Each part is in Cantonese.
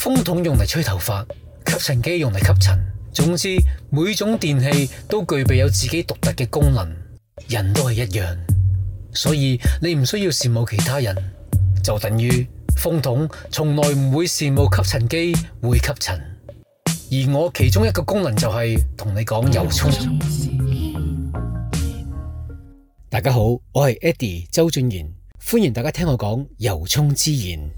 風筒用嚟吹頭髮，吸塵機用嚟吸塵，總之每種電器都具備有自己獨特嘅功能。人都係一樣，所以你唔需要羨慕其他人，就等於風筒從來唔會羨慕吸塵機會吸塵。而我其中一個功能就係同你講由衷。 大家好，我係 Eddie 周俊賢，歡迎大家聽我講由衷之言。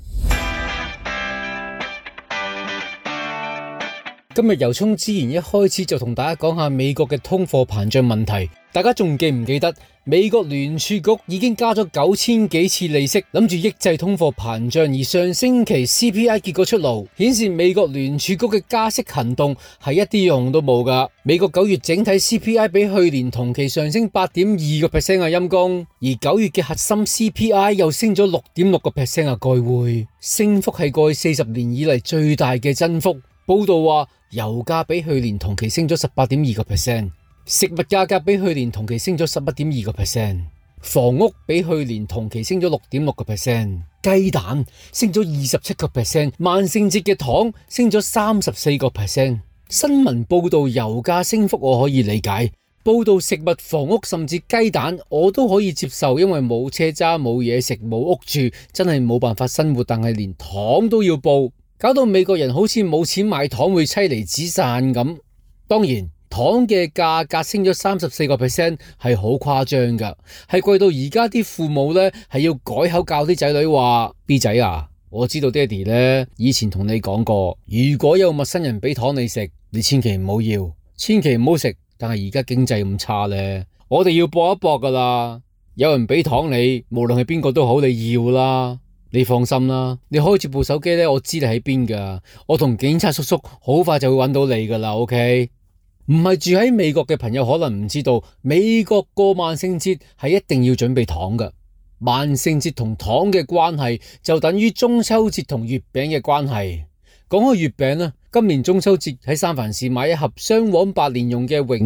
今日由衷之言一開始就同大家講下美國嘅通貨膨脹問題。大家仲記唔記得美國聯儲局已經加咗九千幾次利息，諗住抑制通貨膨脹。而上星期 CPI 結果出爐，顯示美國聯儲局嘅加息行動係一啲用都冇噶。美國九月整體 CPI 比去年同期上升八點二個 percent 啊，陰功。而九月嘅核心 CPI 又升咗六點六個 percent 啊，巨匯升幅係過去四十年以嚟最大嘅增幅。報道話，油價比去年同期升咗十八點二個 percent，食物價格比去年同期升咗十八點二個 percent，房屋比去年同期升咗六點六個 percent，雞蛋升咗二十七個 percent，萬聖節嘅糖升咗三十四個 percent。新聞報道油價升幅我可以理解，報道食物、房屋甚至雞蛋我都可以接受，因為冇車揸、冇嘢食、冇屋住，真係冇辦法生活。但係連糖都要報。搞到美國人好似冇錢買糖會妻離子散咁，當然糖嘅價格升咗三十四個 percent 係好誇張噶，係貴到而家啲父母咧係要改口教啲仔女話 B 仔啊，我知道爹哋咧以前同你講過，如果有陌生人俾糖你食，你千祈唔好要，千祈唔好食。但係而家經濟咁差咧，我哋要搏一搏噶啦，有人俾糖你，無論係邊個都好，你要啦。你放心啦，你開住部手機呢，我知你喺邊噶。我同警察叔叔好快就會揾到你噶啦，OK？唔係住喺美國嘅朋友可能唔知道，美國過萬聖節係一定要準備糖噶。萬聖節同糖嘅關係就等於中秋節同月餅嘅關係。講開月餅啦，今年中秋節喺三藩市買一盒雙黃百年用嘅榮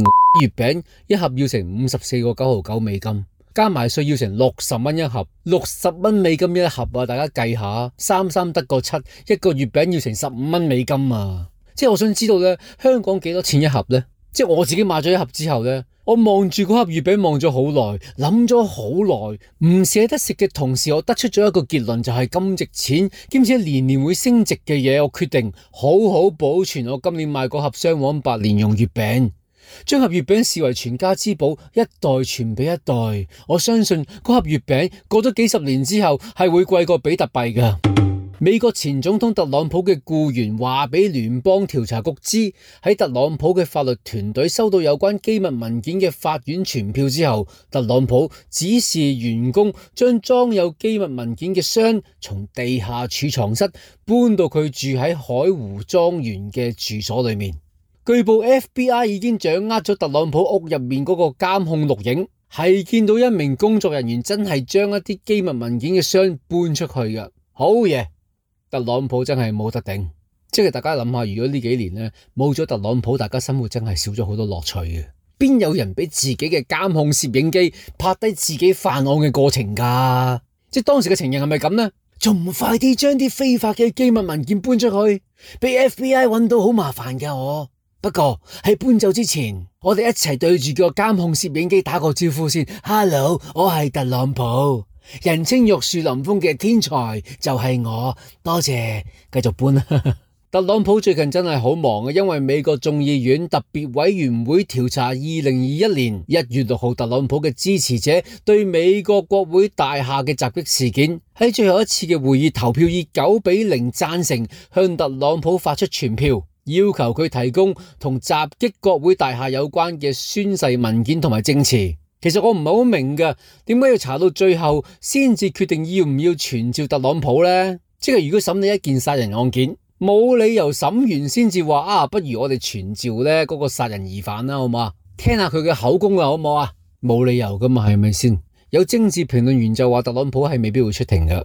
月餅，一盒要成五十四個九毫九美金。加埋稅要成六十蚊一盒，六十蚊美金一盒啊！大家計下，三三得個七，一個月餅要成十五蚊美金啊！即係我想知道咧，香港幾多錢一盒咧？即係我自己買咗一盒之後咧，我望住嗰盒月餅望咗好耐，諗咗好耐，唔捨得食嘅同時，我得出咗一個結論，就係咁值錢，兼且年年會升值嘅嘢，我決定好好保存我今年買嗰盒雙黃白蓮蓉月餅。將盒月餅視為全家之寶，一代傳俾一代。我相信嗰盒月餅過咗幾十年之後，係會貴過比特幣嘅。美國前總統特朗普嘅僱員話俾聯邦調查局知，喺特朗普嘅法律團隊收到有關機密文件嘅法院傳票之後，特朗普指示員工將裝有機密文件嘅箱從地下儲藏室搬到佢住喺海湖莊園嘅住所裏面。據報，FBI 已經掌握咗特朗普屋入面嗰個監控錄影，係見到一名工作人員真係將一啲機密文件嘅箱搬出去嘅。好嘢，特朗普真係冇得頂。即係大家諗下，如果呢幾年咧冇咗特朗普，大家生活真係少咗好多樂趣嘅。邊有人俾自己嘅監控攝影機拍低自己犯案嘅過程㗎？即係當時嘅情形係咪咁呢？仲唔快啲將啲非法嘅機密文件搬出去，俾 FBI 搵到好麻煩㗎我。不過喺搬走之前，我哋一齊對住個監控攝影機打個招呼先。Hello，我係特朗普，人稱玉樹臨風嘅天才就係我。多謝，繼續搬。 特朗普最近真係好忙嘅，因為美國眾議院特別委員會調查二零二一年一月六號特朗普嘅支持者對美國國會大廈嘅襲擊事件，喺最後一次嘅會議投票以九比零贊成向特朗普發出傳票。要求佢提供同襲擊國會大廈有關嘅宣誓文件同埋證詞。其實我唔係好明嘅，點解要查到最後先至決定要唔要傳召特朗普呢？即係如果審理一件殺人案件，冇理由審完先至話啊，不如我哋傳召呢嗰個殺人疑犯啦，好唔好啊？聽下佢嘅口供啊，好唔好啊？冇理由噶嘛，係咪先？有政治評論員就話特朗普係未必會出庭嘅，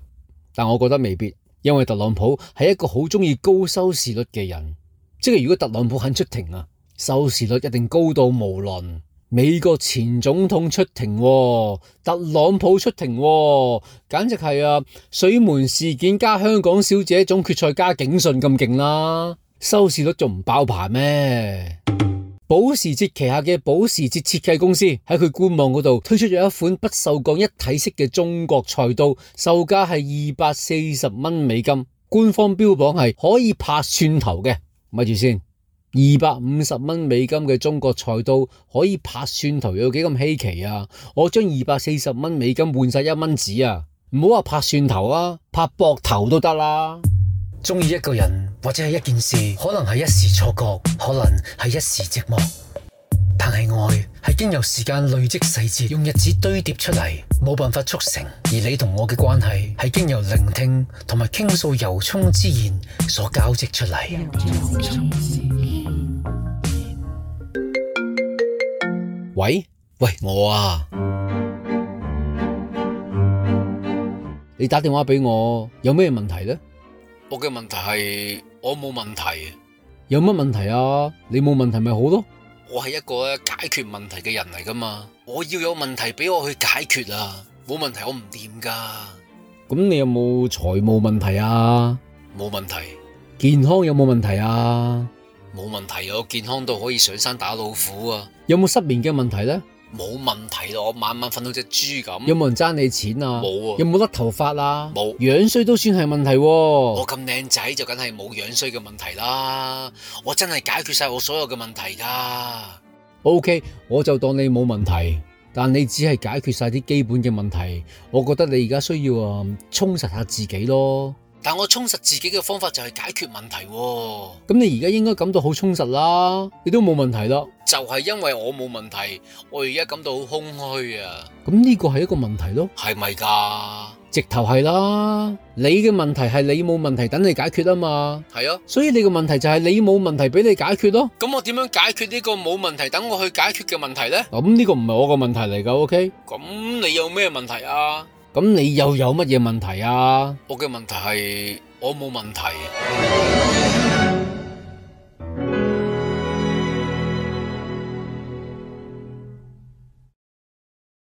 但我覺得未必，因為特朗普係一個好中意高收視率嘅人。即係如果特朗普肯出庭啊，收視率一定高到無倫。美國前總統出庭喎，特朗普出庭喎，簡直係啊！水門事件加香港小姐總決賽加警訊咁勁啦，收視率仲唔爆棚咩？保時捷旗下嘅保時捷設計公司喺佢官網嗰度推出咗一款不鏽鋼一體式嘅中國菜刀，售價係二百四十蚊美金，官方標榜係可以拍蒜頭嘅。咪住先，二百五十蚊美金嘅中國菜刀可以拍蒜頭有幾咁稀奇啊？我將二百四十蚊美金換晒一蚊紙啊！唔好話拍蒜頭啊，拍膊頭都得啦。中意一個人或者係一件事，可能係一時錯覺，可能係一時寂寞。但係愛係經由時間累積細節，用日子堆疊出嚟，冇辦法速成。而你同我嘅關係係經由聆聽同埋傾訴由衷之言所交織出嚟。喂喂，喂我啊，你打電話俾我有咩問題呢？我嘅問題係我冇問題，問題有乜問題啊？你冇問題咪好咯？我係一個咧，解決問題嘅人嚟噶嘛，我要有問題俾我去解決啊，冇問題我唔掂噶。咁你有冇財務問題啊？冇問題。健康有冇問題啊？冇問題，我健康到可以上山打老虎啊。有冇失眠嘅問題呢？冇問題咯，我晚晚瞓到隻豬咁。有冇人爭你錢啊？冇啊。有冇甩頭髮啊？冇。樣衰都算係問題喎。我咁靚仔就梗係冇樣衰嘅問題啦。我真係解決晒我所有嘅問題噶。OK，我就當你冇問題，但你只係解決晒啲基本嘅問題。我覺得你而家需要啊充實下自己咯。但我充實自己嘅方法就係解決問題。哦，咁你而家應該感到好充實啦，你都冇問題啦。就係因為我冇問題，我而家感到好空虛啊。咁呢個係一個問題咯，係咪噶？直頭係啦，你嘅問題係你冇問題等你解決啊嘛。係啊，哦，所以你嘅問題就係你冇問題俾你解決咯。咁我點樣解決呢個冇問題等我去解決嘅問題呢？咁呢個唔係我個問題嚟噶，OK？咁你有咩問題啊？咁你又有乜嘢問題啊？我嘅問題係我冇問題。